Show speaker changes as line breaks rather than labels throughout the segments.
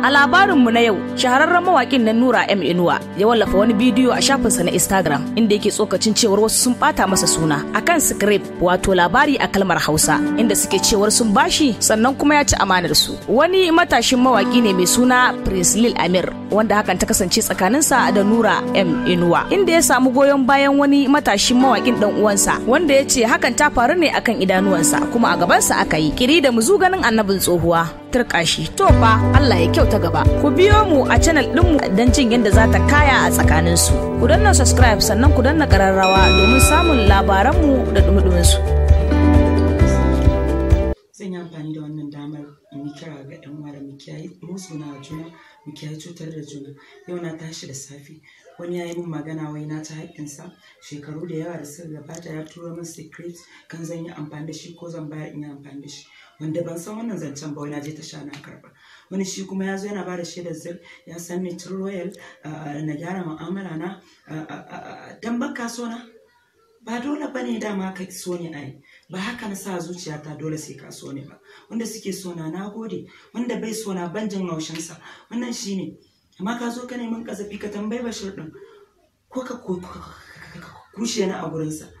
A labarinmu na yau, shahararren mawakin nan Nura M Inuwa ya wallafa wani bidiyo a shafinsa na Instagram inda yake tsokacin cewar wasu sun bata masa suna akan script wato labari a kalmar Hausa inda suke cewar sun bashi sannan kuma ya ci amanar su. Wani matashin mawaki ne mai suna Prince Lil Amir wanda hakan ta kasance tsakaninsa da Nura M Inuwa inda ya samu goyon bayan wani matashin mawakin dan uwansa wanda ya ce hakan ta faru ne akan idanuwansa kuma a gabansa aka yi kiri da mu ganin annabin tsohuwa. turka shi to fa Allah ya kyauta gaba ku biyo mu a channel ɗinmu dan jin yadda za ta kaya a tsakanin su ku danna subscribe sannan ku danna ƙararrawa domin samun labaran mu da dumudumin su
zan yi amfani da wannan damar in yi kira ga yan uwa da mu kiyaye musu na juna mu kiyaye cutar da juna yau na tashi da safe wani ya yi min magana wai na ta haƙƙinsa shekaru da yawa da suka gabata ya turo min secret kan zan yi amfani da shi ko zan bayar in yi amfani da shi wanda ban san wannan zancen ba wani je ta sha na karba wani shi kuma ya zo yana ba da shaidar zir ya san ni royal na gyara mu'amala na dan bakka ba dole ba ne dama ka so ni ai ba haka na sa zuciyata dole sai ka so ni ba wanda suke so na na gode wanda bai so na banjin haushinsa wannan shine amma ka zo ka neman kasafi ka tambayi ba din ko ka kushe na a gurinsa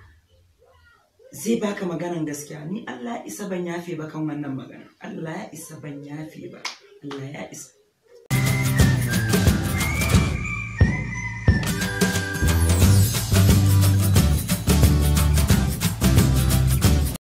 zai baka maganan gaskiya ni Allah ya isa ban yafe ba kan wannan magana Allah ya isa ban yafe ba Allah ya isa